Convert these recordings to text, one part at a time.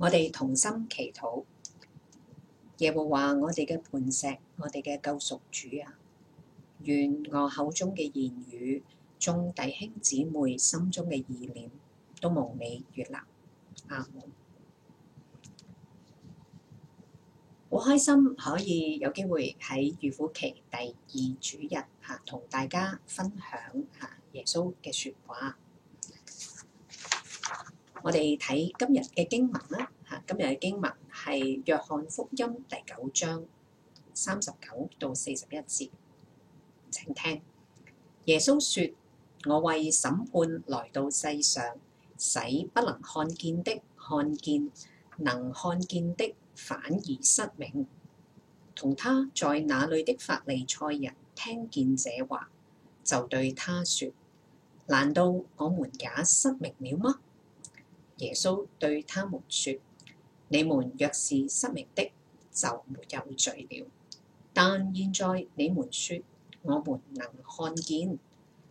我哋同心祈禱，耶和華，我哋嘅磐石，我哋嘅救贖主啊！願我口中嘅言語，眾弟兄姊妹心中嘅意念，都蒙美悦納啊！好開心可以有機會喺預苦期第二主日吓同大家分享吓耶穌嘅説話。我哋睇今日嘅經文啦。今日嘅經文係《約翰福音》第九章三十九到四十一節，請聽耶穌說：我為審判來到世上，使不能看見的看見，能看見的反而失明。同他在那裏的法利賽人聽見這話，就對他說：難道我們也失明了嗎？耶穌對他們說。你們若是失明的，就沒有罪了。但現在你們說我們能看見，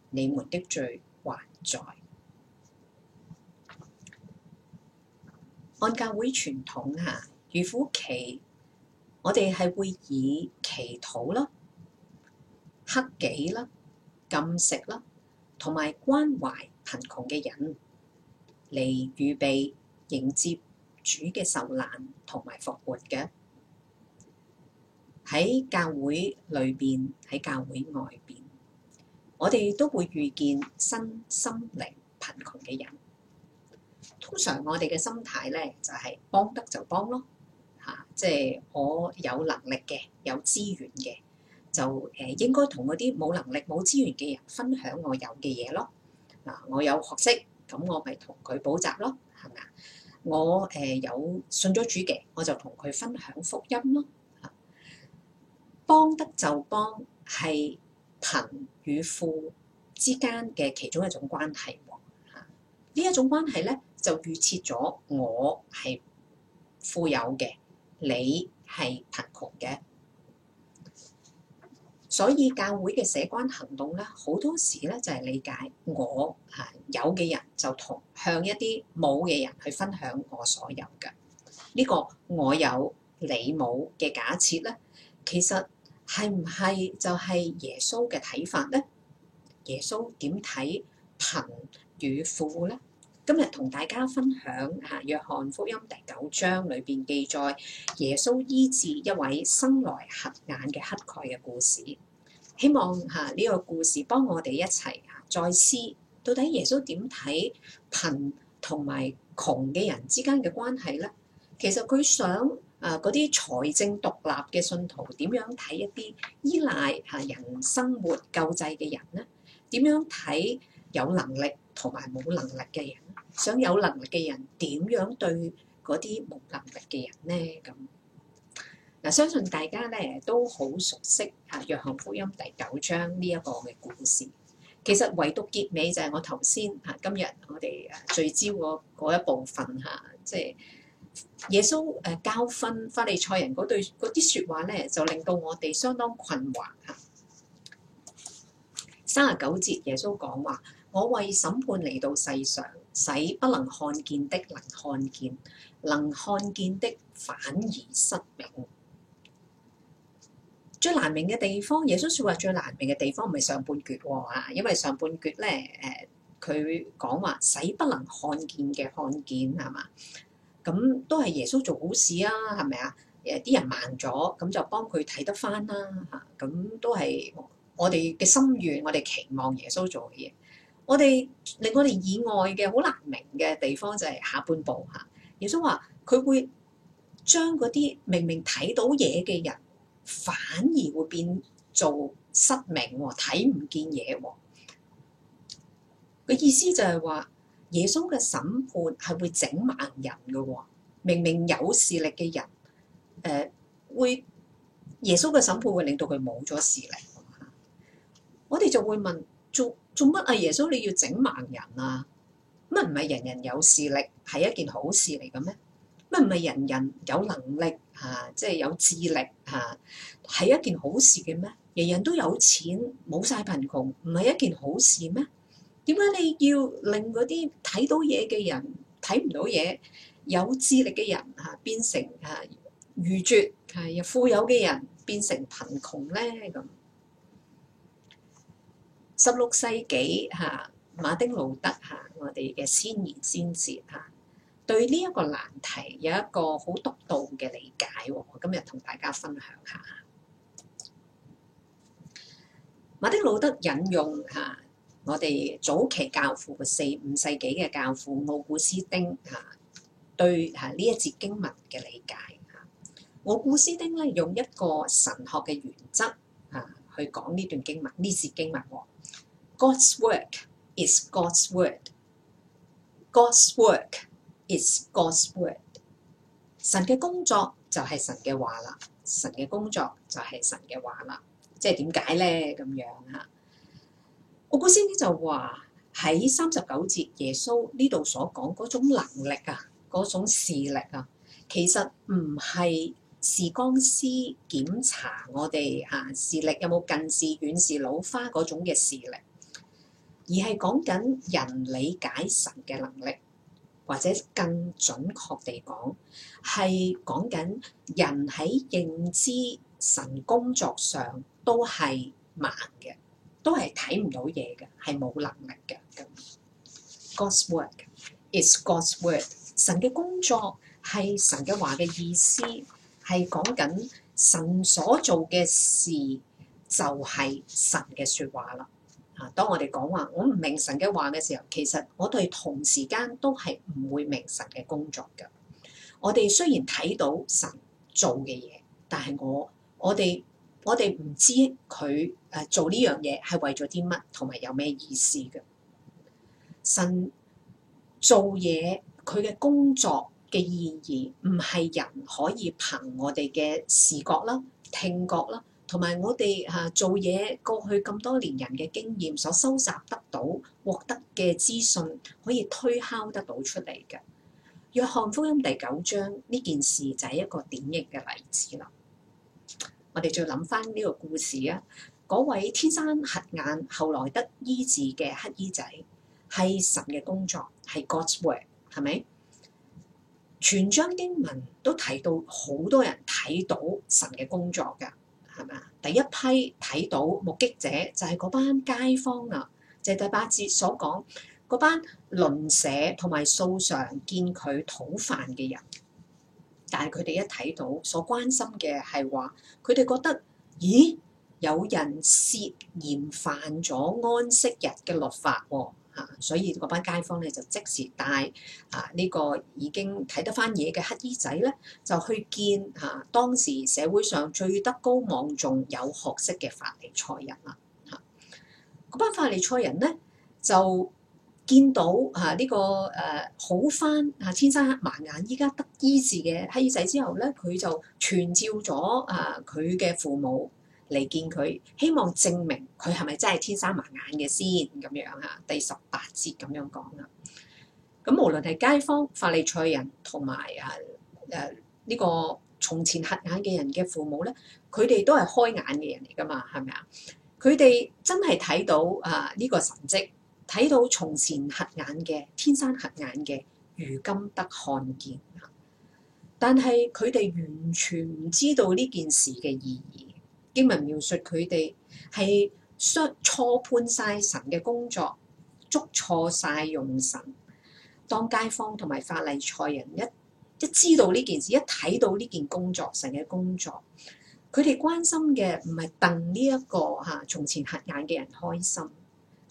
你們的罪還在。按教會傳統下預苦期，我哋係會以祈禱啦、克己啦、禁食啦，同埋關懷貧窮嘅人嚟預備迎接。主嘅受難同埋復活嘅。喺教會裏邊，喺教會外邊，我哋都會遇見身心靈貧窮嘅人。通常我哋嘅心態咧就係、是、幫得就幫咯，吓、啊，即係我有能力嘅，有資源嘅，就誒、呃、應該同嗰啲冇能力、冇資源嘅人分享我有嘅嘢咯。嗱、啊，我有學識，咁、嗯、我咪同佢補習咯，係咪啊？我誒有信咗主嘅，我就同佢分享福音咯。嚇，幫得就幫，係貧與富之間嘅其中一種關係。嚇，呢一種關係咧，就預設咗我係富有嘅，你係貧窮嘅。所以教會嘅社關行動咧，好多時咧就係、係、理解我係有嘅人，就同向一啲冇嘅人去分享我所有嘅呢、呢個我有你冇嘅假設咧，其實係唔係就係耶穌嘅睇法咧？耶穌點睇貧與富咧？今日同大家分享吓，約翰福音第九章裏邊記載耶穌醫治一位生來瞎眼嘅乞丐嘅故事。希望吓呢個故事幫我哋一齊吓再思，到底耶穌點睇貧同埋窮嘅人之間嘅關係呢？其實佢想啊嗰啲財政獨立嘅信徒點樣睇一啲依賴吓人生活救濟嘅人呢？點樣睇？有能力同埋冇能力嘅人，想有能力嘅人點樣對嗰啲冇能力嘅人呢？咁嗱，相信大家咧都好熟悉嚇《約翰福音》第九章呢一個嘅故事。其實唯獨結尾就係我頭先嚇今日我哋聚焦嗰一部分嚇，即係耶穌誒教訓法利賽人嗰對嗰啲説話咧，就令到我哋相當困惑嚇。三十九節，耶穌講話：我為審判嚟到世上，使不能看見的能看見，能看見的反而失明。最難明嘅地方，耶穌說話最難明嘅地方，唔係上半橛啊，因為上半橛咧，誒，佢講話使不能看見嘅看見，係嘛？咁都係耶穌做好事啊，係咪啊？誒，啲人盲咗，咁就幫佢睇得返啦，吓，咁都係。我哋嘅心願，我哋期望耶穌做嘅嘢，我哋令我哋意外嘅好難明嘅地方就係下半部吓。耶穌話，佢會將嗰啲明明睇到嘢嘅人，反而會變做失明喎，睇唔見嘢喎。嘅意思就係話，耶穌嘅審判係會整盲人嘅喎，明明有視力嘅人，誒，會耶穌嘅審判會令到佢冇咗視力。我哋就會問做做乜啊？耶穌，你要整盲人啊？乜唔係人人有視力，係一件好事嚟嘅咩？乜唔係人人有能力嚇、啊，即係有智力嚇係、啊、一件好事嘅咩？人人都有錢，冇晒貧窮，唔係一件好事咩？點解你要令嗰啲睇到嘢嘅人睇唔到嘢，有智力嘅人嚇、啊、變成嚇、啊、愚拙，係、啊、富有嘅人變成貧窮咧咁？啊。十六世紀嚇，馬丁路德嚇，我哋嘅先賢先哲嚇，對呢一個難題有一個好獨到嘅理解。我今日同大家分享下馬丁路德引用嚇我哋早期教父嘅四五世紀嘅教父奧古斯丁嚇對嚇呢一節經文嘅理解嚇。奧古斯丁咧用一個神學嘅原則嚇去講呢段經文，呢節經文。God's work is God's word. God's work is God's word。神嘅工作就係神嘅話啦。神嘅工作就係神嘅話啦。即係點解咧？咁樣嚇，我嗰先咧就話喺三十九節耶穌呢度所講嗰種能力啊，嗰種視力啊，其實唔係視光師檢查我哋嚇、啊、視力有冇近視、遠視、老花嗰種嘅視力。而係講緊人理解神嘅能力，或者更準確地講，係講緊人喺認知神工作上都係盲嘅，都係睇唔到嘢嘅，係冇能力嘅。咁 God's work is God's word。神嘅工作係神嘅話嘅意思，係講緊神所做嘅事就係神嘅説話啦。當我哋講話我唔明神嘅話嘅時候，其實我哋同時間都係唔會明神嘅工作嘅。我哋雖然睇到神做嘅嘢，但係我我哋我哋唔知佢誒做呢樣嘢係為咗啲乜，同埋有咩意思嘅。神做嘢佢嘅工作嘅意義，唔係人可以憑我哋嘅視覺啦、聽覺啦。同埋，我哋啊做嘢過去咁多年人嘅經驗所收集得到、獲得嘅資訊，可以推敲得到出嚟嘅。約翰福音第九章呢件事就係一個典型嘅例子啦。我哋再諗翻呢個故事啊，嗰位天生瞎眼後來得醫治嘅乞衣仔係神嘅工作，係 God's work，係咪？全章經文都提到好多人睇到神嘅工作㗎。係嘛？第一批睇到目擊者就係嗰班街坊啦、啊，就係、是、第八節所講嗰班鄰舍同埋素常見佢討飯嘅人，但係佢哋一睇到，所關心嘅係話，佢哋覺得，咦，有人涉嫌犯咗安息日嘅律法喎、啊。啊，所以嗰班街坊咧就即時帶啊呢個已經睇得翻嘢嘅乞兒仔咧，就去見嚇當時社會上最德高望重有學識嘅法利賽人啦。嚇，嗰班法利賽人咧就見到嚇、這、呢個誒、啊、好翻嚇天生黑盲眼依家得醫治嘅乞兒仔之後咧，佢就傳召咗啊佢嘅父母。嚟見佢，希望證明佢係咪真係天生盲眼嘅先咁樣啊。第十八節咁樣講啦。咁無論係街坊、法利賽人同埋啊誒呢、啊這個從前瞎眼嘅人嘅父母咧，佢哋都係開眼嘅人嚟噶嘛？係咪啊？佢哋真係睇到啊呢個神跡，睇到從前瞎眼嘅天生瞎眼嘅，如今得看見。但係佢哋完全唔知道呢件事嘅意義。經文描述佢哋係相錯判晒神嘅工作，捉錯晒用神。當街坊同埋法利賽人一一知道呢件事，一睇到呢件工作，神嘅工作，佢哋關心嘅唔係戥呢一個嚇、啊、從前瞎眼嘅人開心，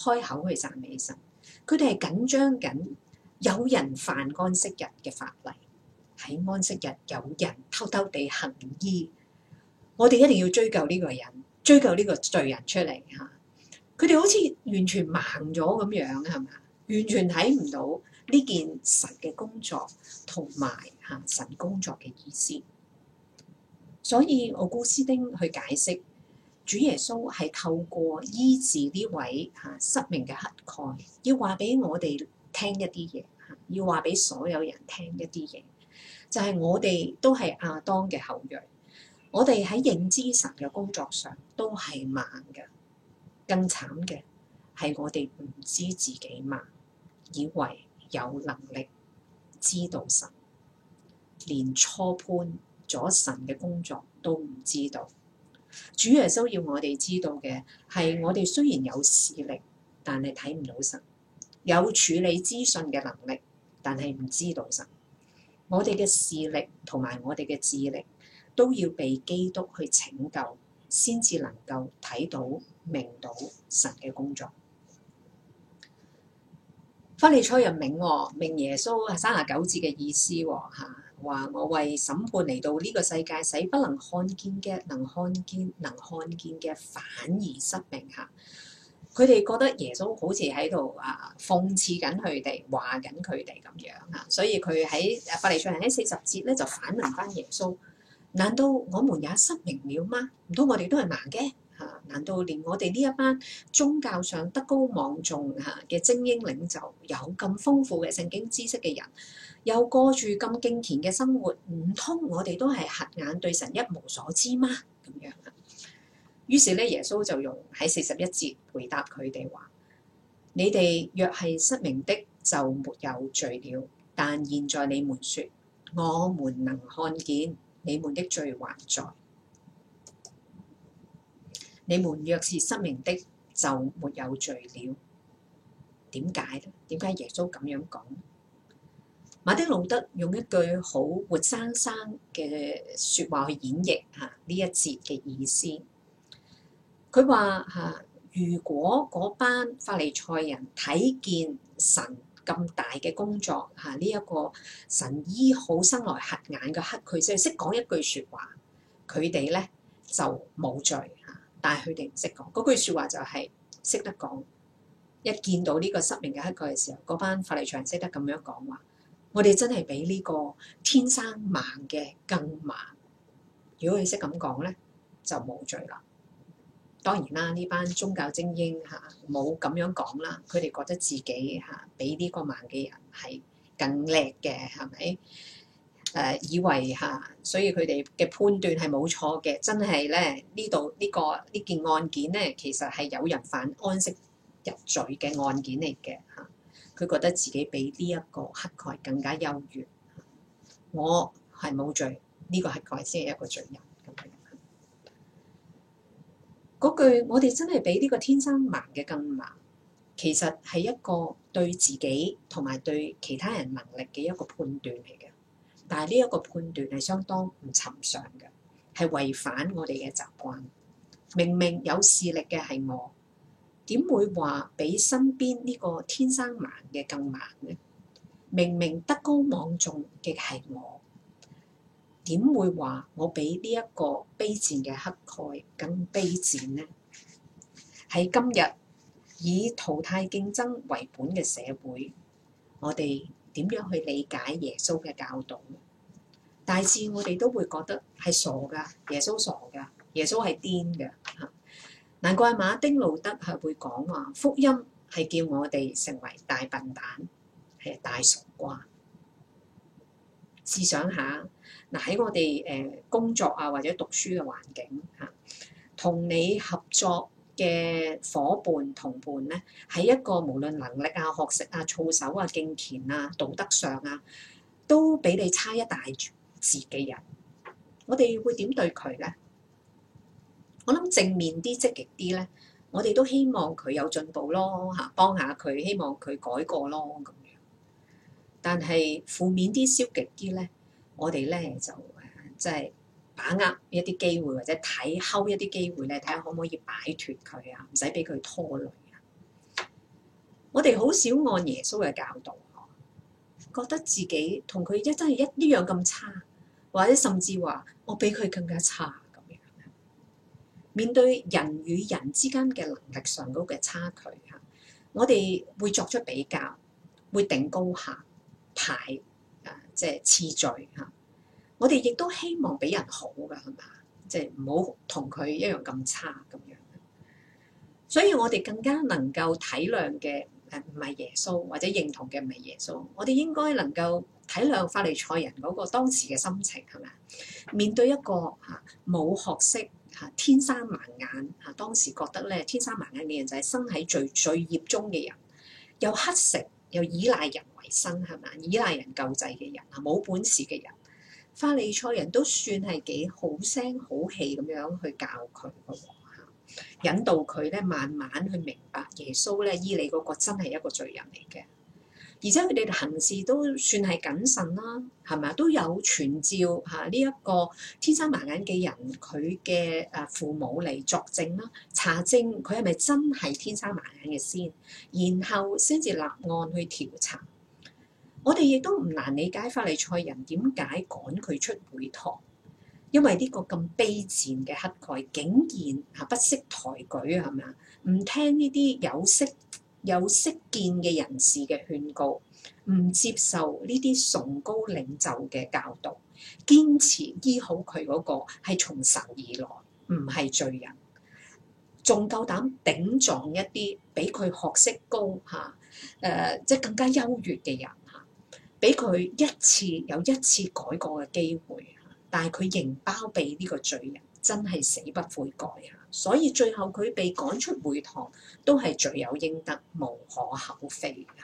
開口去讚美神。佢哋係緊張緊，有人犯安息日嘅法例，喺安息日有人偷偷地行醫。我哋一定要追究呢個人，追究呢個罪人出嚟嚇。佢哋好似完全盲咗咁樣，係咪啊？完全睇唔到呢件神嘅工作同埋嚇神工作嘅意思。所以奧古斯丁去解釋，主耶穌係透過醫治呢位嚇失明嘅乞丐，要話俾我哋聽一啲嘢嚇，要話俾所有人聽一啲嘢，就係、是、我哋都係亞當嘅後裔。我哋喺認知神嘅工作上都係盲嘅，更慘嘅係我哋唔知自己盲，以為有能力知道神，連初判咗神嘅工作都唔知道。主耶穌要我哋知道嘅，係我哋雖然有視力，但係睇唔到神；有處理資訊嘅能力，但係唔知道神。我哋嘅視力同埋我哋嘅智力。都要被基督去拯救，先至能夠睇到明到神嘅工作。法利賽人明、哦，明耶穌三十九節嘅意思、哦，嚇話我為審判嚟到呢個世界，使不能看見嘅能看見，能看見嘅反而失明嚇。佢、啊、哋覺得耶穌好似喺度啊諷刺緊佢哋，話緊佢哋咁樣啊，所以佢喺法利賽人喺四十節咧就反問返耶穌。難道我們也失明了嗎？唔通我哋都係盲嘅嚇？難道連我哋呢一班宗教上德高望重嚇嘅精英領袖，有咁豐富嘅聖經知識嘅人，又過住咁敬虔嘅生活，唔通我哋都係瞎眼，對神一無所知嗎？咁樣。於是咧，耶穌就用喺四十一節回答佢哋話：你哋若係失明的，就沒有罪了。但現在你們說，我們能看見。你們的罪還在。你們若是失明的，就沒有罪了。點解呢？點解耶穌咁樣講？馬丁路德用一句好活生生嘅説話去演繹啊呢一節嘅意思。佢話嚇：如果嗰班法利賽人睇見神。咁大嘅工作吓，呢、啊、一、這個神醫好生來黑眼嘅黑，佢即係識講一句說話，佢哋咧就冇罪吓、啊。但係佢哋唔識講嗰句話、就是、說話，就係識得講。一見到呢個失明嘅黑鬼嘅時候，嗰班法利賽識得咁樣講話、啊，我哋真係比呢個天生盲嘅更盲。如果你識咁講咧，就冇罪啦。當然啦，呢班宗教精英嚇冇咁樣講啦，佢哋覺得自己嚇、啊、比呢個盲嘅人係更叻嘅，係咪？誒、啊、以為嚇、啊，所以佢哋嘅判斷係冇錯嘅，真係咧呢度呢、呢個呢件、呢個呢個、案件咧，其實係有人犯安息入罪嘅案件嚟嘅嚇。佢、啊、覺得自己比呢一個乞丐更加優越，啊、我係冇罪，呢、呢個乞丐先係一個罪人。嗰句我哋真係比呢個天生盲嘅更盲，其實係一個對自己同埋對其他人能力嘅一個判斷嚟嘅。但係呢一個判斷係相當唔尋常嘅，係違反我哋嘅習慣。明明有視力嘅係我，點會話比身邊呢個天生盲嘅更盲呢？明明德高望重嘅係我。點會話我比呢一個卑賤嘅黑蓋更卑賤呢？喺今日以淘汰競爭為本嘅社會，我哋點樣去理解耶穌嘅教導？大致我哋都會覺得係傻噶，耶穌傻噶，耶穌係癲嘅嚇。難怪馬丁路德係會講話福音係叫我哋成為大笨蛋，係大傻瓜。試想下。喺我哋誒工作啊，或者讀書嘅環境嚇，同你合作嘅夥伴同伴咧，喺一個無論能力啊、學識啊、操守啊、敬虔啊、道德上啊，都比你差一大截嘅人，我哋會點對佢咧？我諗正面啲、積極啲咧，我哋都希望佢有進步咯吓，幫下佢，希望佢改過咯咁樣。但係負面啲、消極啲咧？我哋咧就誒，即係把握一啲機會，或者睇睺一啲機會咧，睇下可唔可以擺脫佢啊？唔使俾佢拖累啊！我哋好少按耶穌嘅教導，覺得自己同佢一真係一樣咁差，或者甚至話我比佢更加差咁樣。面對人與人之間嘅能力上高嘅差距嚇，我哋會作出比較，會定高下排。即係次序吓，我哋亦都希望俾人好噶，係咪？即係唔好同佢一樣咁差咁樣。所以我哋更加能夠體諒嘅誒，唔係耶穌，或者認同嘅唔係耶穌。我哋應該能夠體諒法利賽人嗰個當時嘅心情，係咪？面對一個吓冇學識吓天生盲眼吓，當時覺得咧天生盲眼嘅人就係生喺罪罪孽中嘅人，又乞食又依賴人。生，係咪，依賴人救濟嘅人啊，冇本事嘅人。法利賽人都算係幾好聲好氣咁樣去教佢嘅嚇，引導佢咧慢慢去明白耶穌咧。伊你嗰個真係一個罪人嚟嘅，而且佢哋行事都算係謹慎啦。係咪？都有傳召嚇呢一個天生盲眼嘅人佢嘅誒父母嚟作證啦，啊，查證佢係咪真係天生盲眼嘅先，然後先至立案去調查。我哋亦都唔難理解，法利賽人點解趕佢出會堂？因為呢個咁卑賤嘅乞丐，竟然嚇不識抬舉，係咪啊？唔聽呢啲有識有識見嘅人士嘅勸告，唔接受呢啲崇高領袖嘅教導，堅持醫好佢嗰個係從神而來，唔係罪人，仲夠膽頂撞一啲比佢學識高嚇誒、啊呃，即係更加優越嘅人。俾佢一次有一次改過嘅機會，但係佢仍包庇呢個罪人，真係死不悔改啊！所以最後佢被趕出會堂，都係罪有應得，無可厚非噶。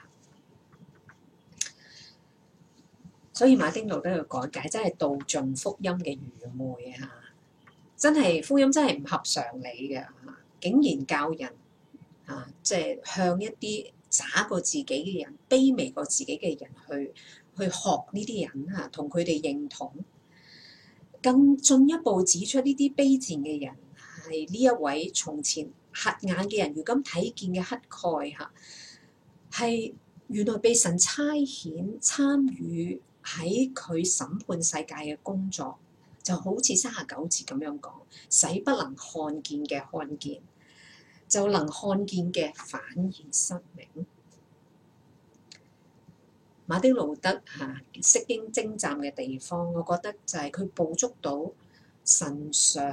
所以馬丁路德嘅講解真係道盡福音嘅愚昧啊！真係福音真係唔合常理嘅，竟然教人啊，即係向一啲。渣過自己嘅人，卑微過自己嘅人，去去學呢啲人啊，同佢哋認同。更進一步指出呢啲卑賤嘅人係呢一位從前瞎眼嘅人，如今睇見嘅乞丐吓，係原來被神差遣參與喺佢審判世界嘅工作，就好似三十九節咁樣講，使不能看見嘅看見。就能看見嘅反而失明。馬丁路德嚇適應精湛嘅地方，我覺得就係佢捕捉到神想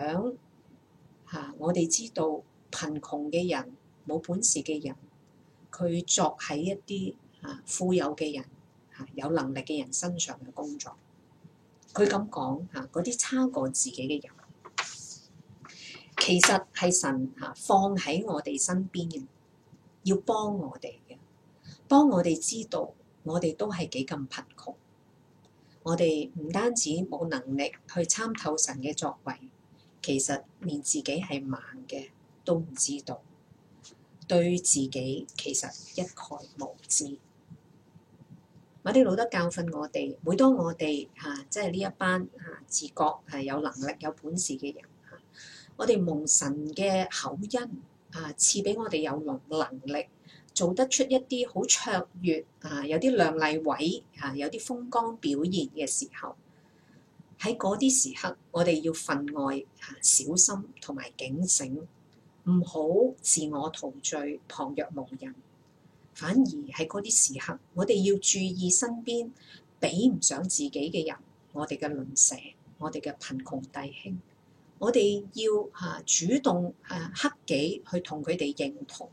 嚇、啊。我哋知道貧窮嘅人冇本事嘅人，佢作喺一啲嚇、啊、富有嘅人嚇、啊、有能力嘅人身上嘅工作。佢咁講嚇，嗰、啊、啲差過自己嘅人。其實係神吓放喺我哋身邊嘅，要幫我哋嘅，幫我哋知道我哋都係幾咁貧窮。我哋唔單止冇能力去參透神嘅作為，其實連自己係盲嘅都唔知道，對自己其實一概無知。馬丁路德教訓我哋，每當我哋吓、啊、即係呢一班吓自覺係、啊、有能力有本事嘅人。我哋蒙神嘅口音，啊，賜俾我哋有能力，做得出一啲好卓越啊，有啲亮麗位啊，有啲風光表現嘅時候，喺嗰啲時刻，我哋要分外啊小心同埋警醒，唔好自我陶醉旁若無人。反而喺嗰啲時刻，我哋要注意身邊比唔上自己嘅人，我哋嘅鄰舍，我哋嘅貧窮弟兄。我哋要嚇主動，誒，克己去同佢哋認同，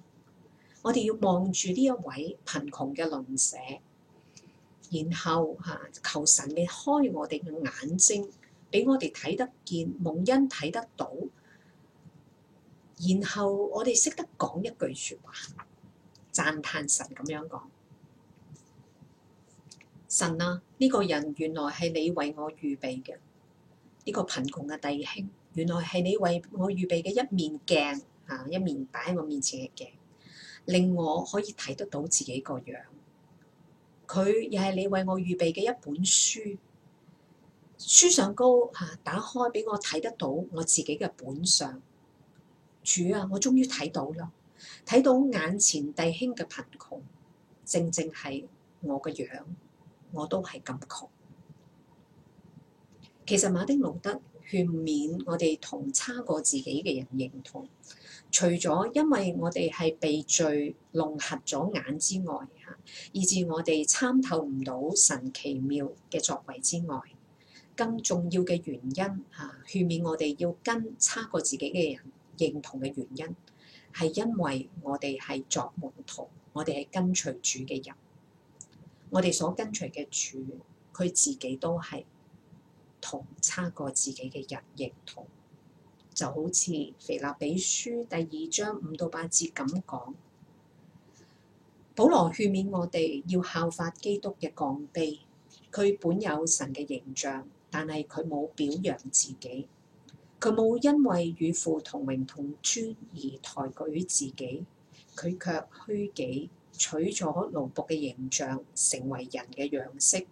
我哋要望住呢一位貧窮嘅鄰舍，然後嚇求神，你開我哋嘅眼睛，俾我哋睇得見、蒙恩睇得到，然後我哋識得講一句説話，讚歎神咁樣講：神啊，呢個人原來係你為我預備嘅呢個貧窮嘅弟兄。原來係你為我預備嘅一面鏡，嚇一面擺喺我面前嘅鏡，令我可以睇得到自己個樣。佢又係你為我預備嘅一本書，書上高嚇打開俾我睇得到我自己嘅本相。主啊，我終於睇到啦！睇到眼前弟兄嘅貧窮，正正係我嘅樣，我都係咁窮。其實馬丁路德，勸勉我哋同差過自己嘅人認同，除咗因為我哋係被罪籠合咗眼之外，嚇，以至我哋參透唔到神奇妙嘅作為之外，更重要嘅原因嚇，勸勉我哋要跟差過自己嘅人認同嘅原因，係因為我哋係作門徒，我哋係跟隨主嘅人，我哋所跟隨嘅主，佢自己都係。同差過自己嘅人認同，就好似《腓立比書》第二章五到八節咁講。保羅勸勉我哋要效法基督嘅降卑。佢本有神嘅形象，但係佢冇表揚自己，佢冇因為與父同名同尊而抬舉自己。佢卻虛己，取咗奴僕嘅形象，成為人嘅樣式，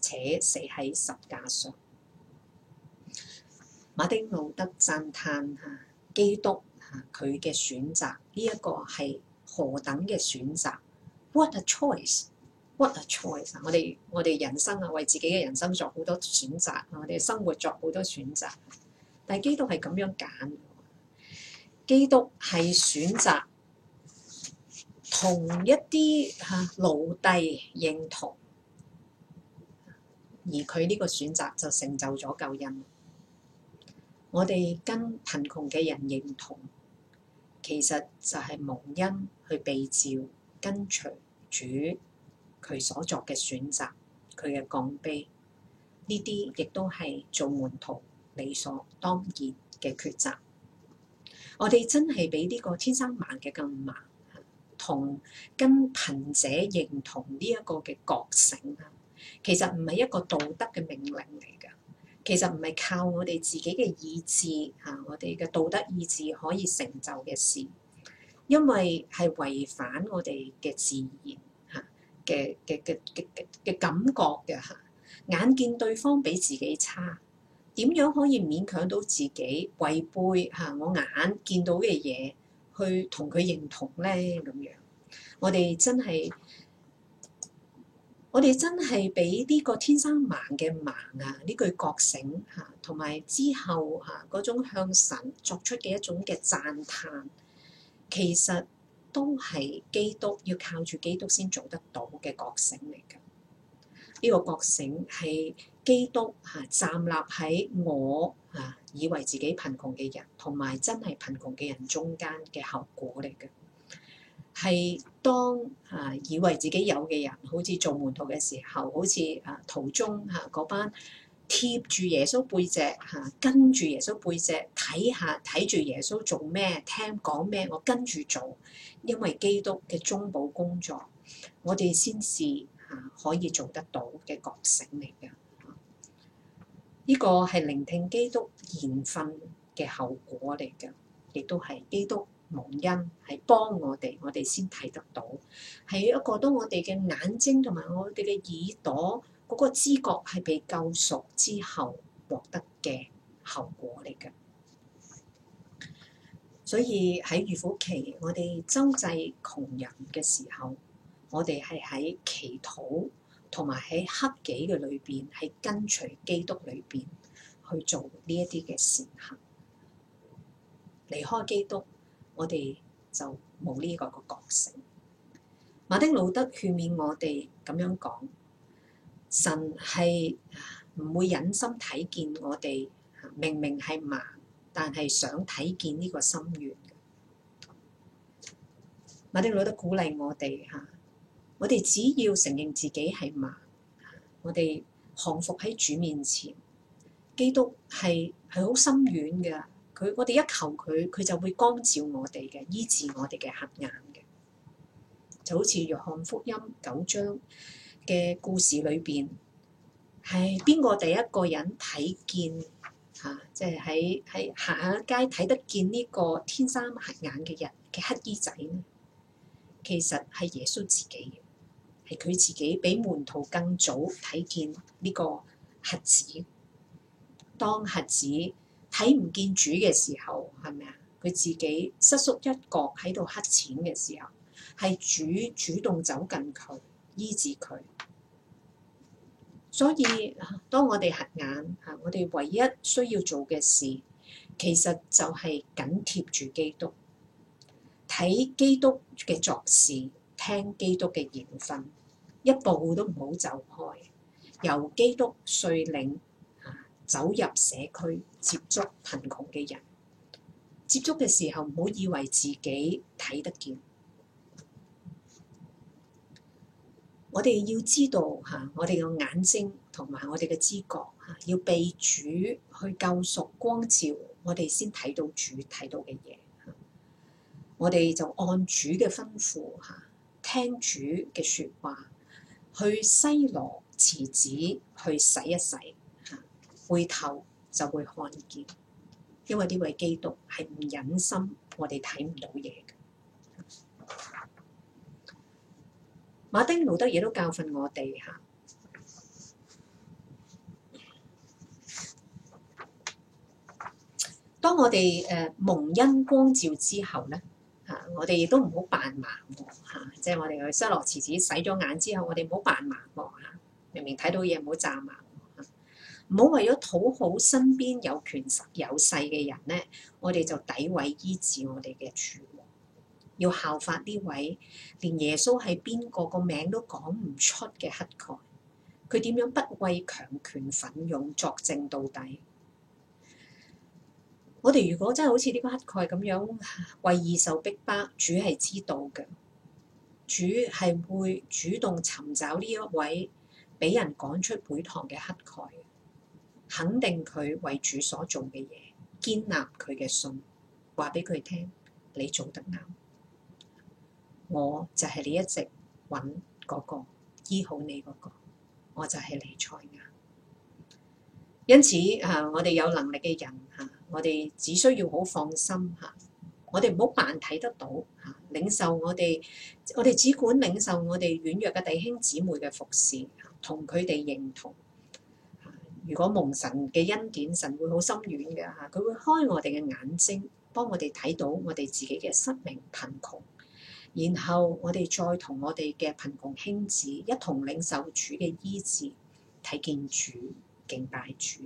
且死喺十架上。馬丁路德讚歎嚇基督嚇佢嘅選擇，呢一個係何等嘅選擇？What a choice！What a choice！我哋我哋人生啊，為自己嘅人生作好多選擇，我哋生活作好多選擇，但係基督係咁樣揀，基督係選擇同一啲嚇奴隸認同，而佢呢個選擇就成就咗救恩。我哋跟貧窮嘅人認同，其實就係蒙恩去被召、跟隨主，佢所作嘅選擇，佢嘅降卑，呢啲亦都係做門徒理所當然嘅抉擇。我哋真係比呢個天生盲嘅更盲，同跟，跟貧者認同呢一個嘅覺醒啊，其實唔係一個道德嘅命令嚟㗎。其實唔係靠我哋自己嘅意志吓，我哋嘅道德意志可以成就嘅事，因為係違反我哋嘅自然吓嘅嘅嘅嘅嘅嘅感覺嘅吓。眼見對方比自己差，點樣可以勉強到自己違背吓我眼見到嘅嘢去同佢認同咧？咁樣我哋真係。我哋真係俾呢個天生盲嘅盲啊，呢句覺醒嚇，同埋之後嚇、啊、嗰種向神作出嘅一種嘅讚歎，其實都係基督要靠住基督先做得到嘅覺醒嚟嘅。呢、這個覺醒係基督嚇、啊、站立喺我嚇、啊、以為自己貧窮嘅人，同埋真係貧窮嘅人中間嘅效果嚟嘅。係當啊以為自己有嘅人，好似做門徒嘅時候，好似啊途中嚇嗰班貼住耶穌背脊嚇，跟住耶穌背脊睇下睇住耶穌做咩，聽講咩，我跟住做，因為基督嘅中保工作，我哋先至嚇可以做得到嘅覺醒嚟嘅。呢個係聆聽基督言訓嘅後果嚟嘅，亦都係基督。蒙恩係幫我哋，我哋先睇得到係一個。當我哋嘅眼睛同埋我哋嘅耳朵嗰個知覺係被救贖之後獲得嘅後果嚟嘅。所以喺預苦期，我哋周濟窮人嘅時候，我哋係喺祈禱同埋喺克己嘅裏邊，係跟隨基督裏邊去做呢一啲嘅善行，離開基督，我哋就冇呢個個覺醒。馬丁路德勸勉我哋咁樣講：神係唔會忍心睇見我哋明明係盲，但係想睇見呢個心願。馬丁路德鼓勵我哋嚇，我哋只要承認自己係盲，我哋降服喺主面前，基督係係好心軟嘅。佢我哋一求佢，佢就會光照我哋嘅，醫治我哋嘅瞎眼嘅，就好似《約翰福音》九章嘅故事裏邊，係邊個第一個人睇見吓？即係喺喺行下街睇得見呢個天生瞎眼嘅人嘅乞兒仔呢？其實係耶穌自己嘅，係佢自己比門徒更早睇見呢個瞎子，當瞎子。睇唔見主嘅時候係咪啊？佢自己瑟縮一角喺度乞錢嘅時候，係主主動走近佢，醫治佢。所以當我哋瞎眼吓，我哋唯一需要做嘅事，其實就係緊貼住基督，睇基督嘅作事，聽基督嘅言分，一步都唔好走開，由基督率領。走入社區，接觸貧窮嘅人，接觸嘅時候唔好以為自己睇得見。我哋要知道吓，我哋嘅眼睛同埋我哋嘅知覺吓，要被主去救贖光照，我哋先睇到主睇到嘅嘢吓。我哋就按主嘅吩咐吓，聽主嘅説話，去西羅池子去洗一洗。背頭就會看見，因為呢位基督係唔忍心我哋睇唔到嘢嘅。馬丁路德亦都教訓我哋嚇。當我哋誒蒙恩光照之後咧嚇，我哋亦都唔好扮盲喎嚇，即係我哋去西羅亞池子洗咗眼之後，我哋唔好扮盲喎嚇。明明睇到嘢，唔好詐盲。唔好為咗討好身邊有權有勢嘅人呢，我哋就詆毀醫治我哋嘅主。要效法呢位連耶穌係邊個個名都講唔出嘅乞丐，佢點樣不畏強權，奮勇作證到底？我哋如果真係好似呢個乞丐咁樣為義受逼迫，主係知道嘅，主係會主動尋找呢一位俾人趕出會堂嘅乞丐。肯定佢為主所做嘅嘢，堅立佢嘅信，話俾佢聽，你做得啱，我就係你一直揾嗰個醫好你嗰個，我就係你財噶。因此啊，我哋有能力嘅人吓，我哋只需要好放心吓，我哋唔好扮睇得到吓，領受我哋，我哋只管領受我哋軟弱嘅弟兄姊妹嘅服侍，同佢哋認同。如果蒙神嘅恩典，神會好心軟嘅，吓，佢會開我哋嘅眼睛，幫我哋睇到我哋自己嘅失明貧窮，然後我哋再同我哋嘅貧窮兄弟一同領受主嘅醫治，睇見主敬拜主。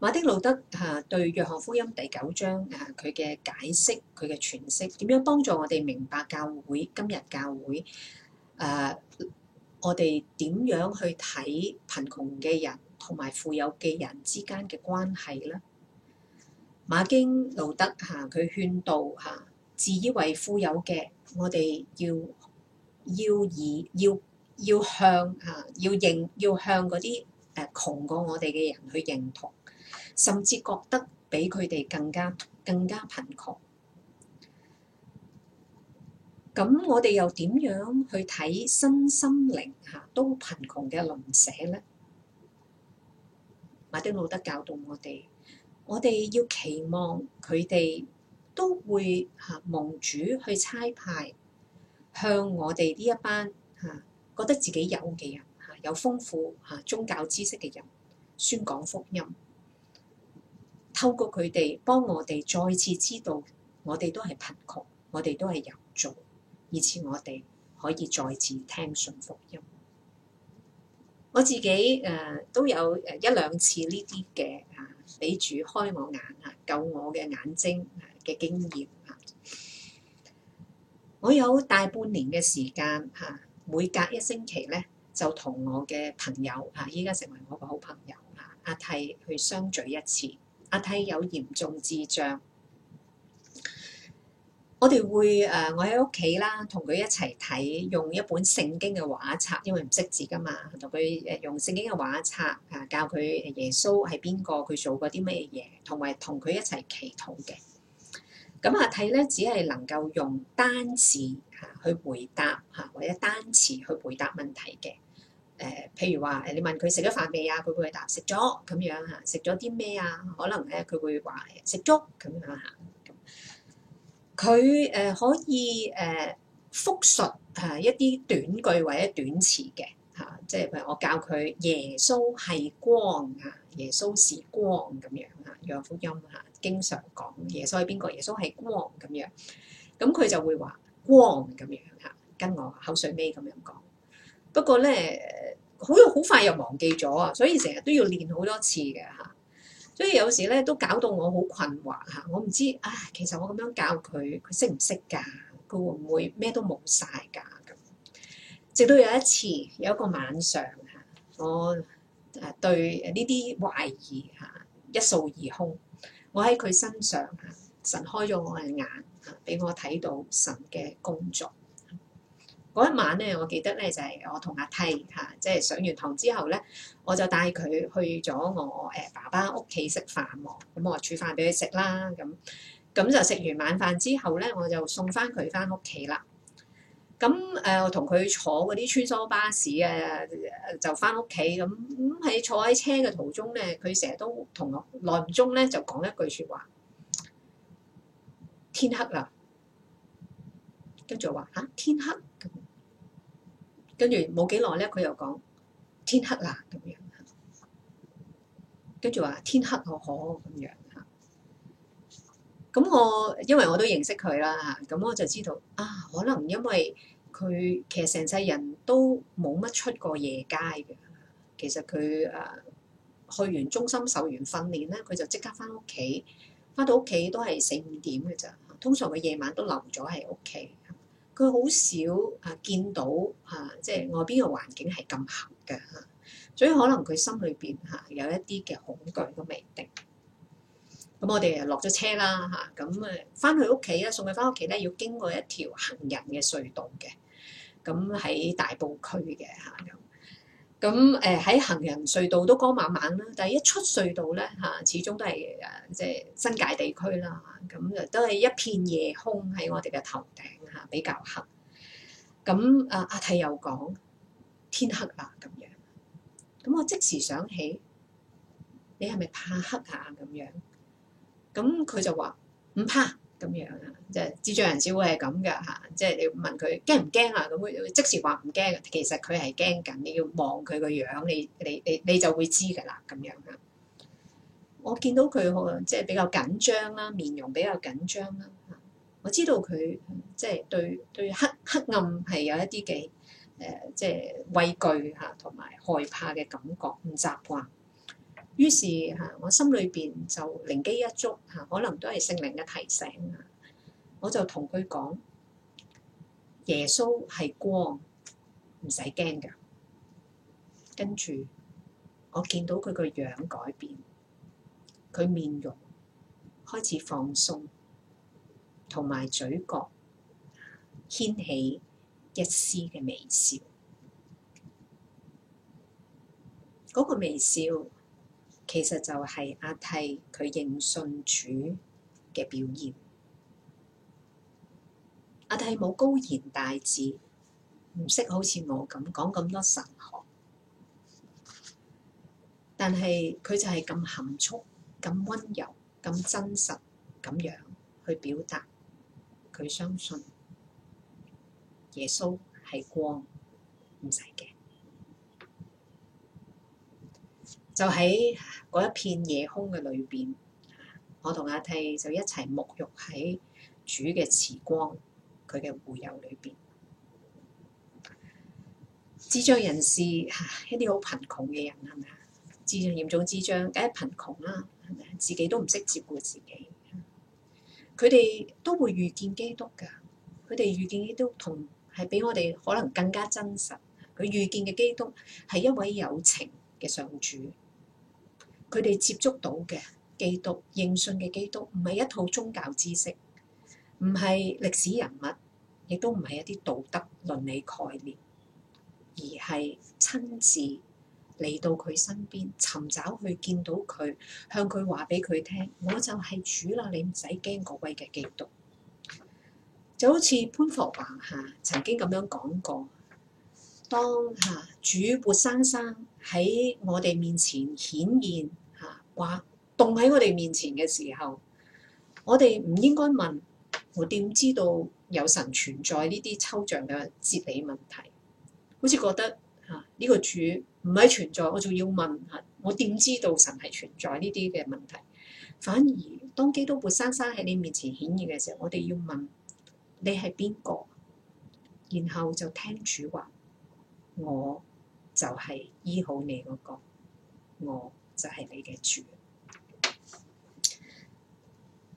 馬丁路德吓，對約翰福音第九章，啊佢嘅解釋，佢嘅詮釋，點樣幫助我哋明白教會今日教會誒？我哋點樣去睇貧窮嘅人同埋富有嘅人之間嘅關係呢？馬經路德吓，佢勸導吓，自以為富有嘅我哋要要以要要向吓要認要向嗰啲誒窮過我哋嘅人去認同，甚至覺得比佢哋更加更加貧窮。咁我哋又點樣去睇身心靈嚇都貧窮嘅鄰舍呢？馬丁路德教導我哋，我哋要期望佢哋都會嚇蒙主去差派，向我哋呢一班嚇覺得自己有嘅人嚇有豐富嚇宗教知識嘅人宣講福音，透過佢哋幫我哋再次知道，我哋都係貧窮，我哋都係有罪。」以此我哋可以再次聽信福音。我自己誒、呃、都有誒一兩次呢啲嘅嚇俾主開我眼嚇、啊、救我嘅眼睛嘅、啊、經驗嚇、啊。我有大半年嘅時間嚇、啊，每隔一星期咧就同我嘅朋友嚇依家成為我個好朋友嚇阿娣去相聚一次。阿、啊、娣有嚴重智障。我哋會誒，我喺屋企啦，同佢一齊睇用一本聖經嘅畫冊，因為唔識字噶嘛，同佢誒用聖經嘅畫冊啊，教佢耶穌係邊個，佢做過啲咩嘢，同埋同佢一齊祈禱嘅。咁啊，睇咧只係能夠用單字嚇去回答嚇，或者單詞去回答問題嘅誒，呃、譬如話誒，你問佢食咗飯未啊，佢會答食咗咁樣嚇，食咗啲咩啊？可能咧佢會話食粥咁樣嚇。佢誒、呃、可以誒、呃、複述誒一啲短句或者短詞嘅嚇，即係譬如我教佢耶穌係光嚇、啊，耶穌是光咁、啊、樣嚇，約福音嚇、啊，經常講耶穌係邊個？耶穌係光咁、啊、樣，咁、嗯、佢就會話光咁、啊、樣嚇、啊，跟我口水尾咁樣講。不過咧，好好快又忘記咗啊，所以成日都要練好多次嘅嚇。啊。所以有時咧都搞到我好困惑吓，我唔知啊，其實我咁樣教佢，佢識唔識㗎？佢會唔會咩都冇晒㗎？咁，直到有一次有一個晚上吓，我誒對呢啲懷疑吓一掃而空。我喺佢身上吓，神開咗我嘅眼吓，畀我睇到神嘅工作。嗰一晚咧，我記得咧就係我同阿梯嚇，即係上完堂之後咧，我就帶佢去咗我誒爸爸屋企食飯喎。咁我煮飯俾佢食啦。咁咁就食完晚飯之後咧，我就送翻佢翻屋企啦。咁誒，我同佢坐嗰啲穿梭巴士啊，就翻屋企咁。咁喺坐喺車嘅途中咧，佢成日都同我耐唔中咧就講一句說話：天黑啦。跟住話嚇，天黑。跟住冇幾耐咧，佢又講天黑啦咁樣，跟住話天黑可可咁樣嚇。咁我因為我都認識佢啦嚇，咁我就知道啊，可能因為佢其實成世人都冇乜出過夜街嘅。其實佢誒、啊、去完中心受完訓練咧，佢就即刻翻屋企。翻到屋企都係四五點嘅咋，通常佢夜晚都留咗喺屋企。佢好少啊，見到啊，即係外邊嘅環境係咁黑嘅嚇，所以可能佢心裏邊嚇有一啲嘅恐懼都未定。咁我哋啊落咗車啦嚇，咁啊翻去屋企咧，送佢翻屋企咧，要經過一條行人嘅隧道嘅。咁喺大埔區嘅嚇咁，咁誒喺行人隧道都光猛猛啦。但係一出隧道咧嚇，始終都係誒即係新界地區啦。咁啊都係一片夜空喺我哋嘅頭頂。比較黑，咁阿阿娣又講天黑啦，咁樣，咁我即時想起，你係咪怕黑啊？咁樣，咁佢就話唔怕，咁樣啊，即係智障人士會係咁噶吓，即係你問佢驚唔驚啊？咁佢即時話唔驚，其實佢係驚緊，你要望佢個樣，你你你你就會知噶啦，咁樣啊。我見到佢，即係比較緊張啦，面容比較緊張啦。我知道佢即係對對黑黑暗，係有一啲幾誒，即係畏懼吓，同埋害怕嘅感覺，唔習慣。於是吓，我心裏邊就靈機一觸吓，可能都係聖靈嘅提醒啊！我就同佢講：耶穌係光，唔使驚噶。跟住我見到佢個樣改變，佢面容開始放鬆。同埋嘴角掀起一絲嘅微笑，嗰個微笑其實就係阿娣佢認信主嘅表現。阿娣冇高言大智，唔識好似我咁講咁多神學，但係佢就係咁含蓄、咁溫柔、咁真實咁樣去表達。佢相信耶穌係光，唔使驚。就喺嗰一片夜空嘅裏邊，我同阿娣就一齊沐浴喺主嘅慈光、佢嘅護佑裏邊。智障人士一啲好貧窮嘅人係咪啊？智障，嚴重智障，梗係貧窮啦，係咪？自己都唔識照顧自己。佢哋都會遇見基督㗎，佢哋遇見基督同係比我哋可能更加真實。佢遇見嘅基督係一位有情嘅上主，佢哋接觸到嘅基督、認信嘅基督，唔係一套宗教知識，唔係歷史人物，亦都唔係一啲道德倫理概念，而係親自，嚟到佢身邊，尋找去見到佢，向佢話俾佢聽，我就係主啦，你唔使驚嗰位嘅嫉妒。就好似潘霍華嚇，曾經咁樣講過，當嚇主活生生喺我哋面前顯現嚇，話動喺我哋面前嘅時候，我哋唔應該問我點知道有神存在呢啲抽象嘅哲理問題，好似覺得嚇呢、啊這個主。唔係存在，我仲要問嚇，我點知道神係存在呢啲嘅問題？反而當基督活生生喺你面前顯現嘅時候，我哋要問你係邊個，然後就聽主話，我就係醫好你嗰個，我就係你嘅主。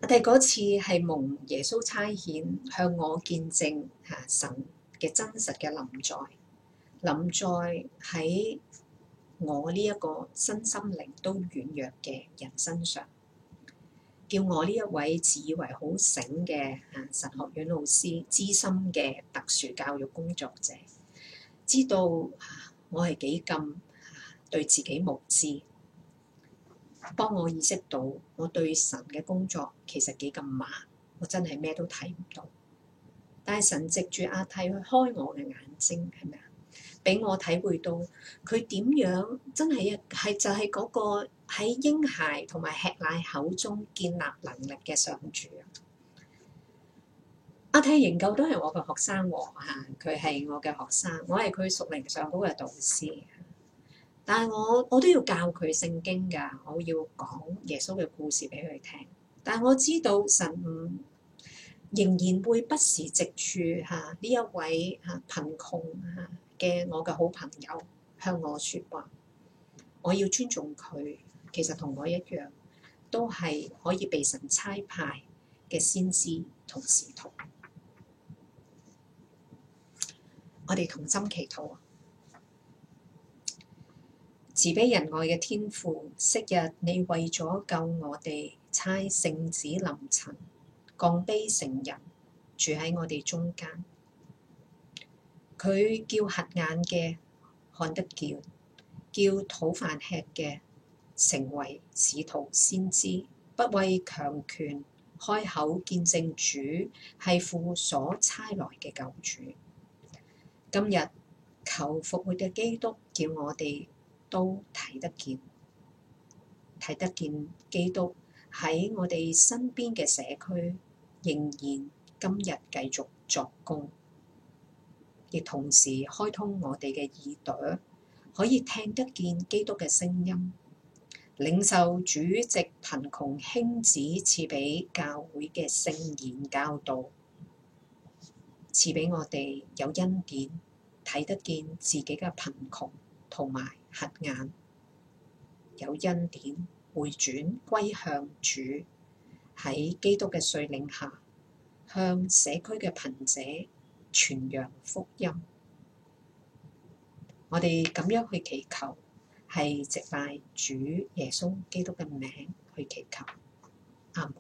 我哋嗰次係蒙耶穌差遣向我見證嚇神嘅真實嘅臨在，臨在喺。我呢一個身心靈都軟弱嘅人身上，叫我呢一位自以為好醒嘅神學院老師、資深嘅特殊教育工作者，知道我係幾咁啊對自己無知，幫我意識到我對神嘅工作其實幾咁盲，我真係咩都睇唔到。但係神藉住阿太去開我嘅眼睛，係咪啊？俾我體會到佢點樣真係啊，係就係嗰個喺嬰孩同埋吃奶口中建立能力嘅上主啊！阿泰研究都係我嘅學生喎，佢、啊、係我嘅學生，我係佢屬靈上高嘅導師。啊、但係我我都要教佢聖經㗎，我要講耶穌嘅故事俾佢聽。但係我知道神仍然會不時直處嚇呢、啊、一位嚇貧窮嚇。啊嘅我嘅好朋友向我説話，我要尊重佢。其實同我一樣，都係可以被神差派嘅先知同使徒。我哋同心祈禱，慈悲仁愛嘅天父，昔日你為咗救我哋，差聖子臨塵降卑成人，住喺我哋中間。佢叫瞎眼嘅看得見，叫討飯吃嘅成為使徒先知，不畏強權，開口見證主係父所差來嘅救主。今日求復活嘅基督叫我哋都睇得見，睇得見基督喺我哋身邊嘅社區仍然今日繼續作工。亦同時開通我哋嘅耳朵，可以聽得見基督嘅聲音，領受主藉貧窮興子賜俾教會嘅聖言教導，賜俾我哋有恩典睇得見自己嘅貧窮，同埋瞎眼有恩典回轉歸向主喺基督嘅率領下，向社區嘅貧者，傳揚福音，我哋咁樣去祈求，係藉拜主耶穌基督嘅名去祈求，阿們。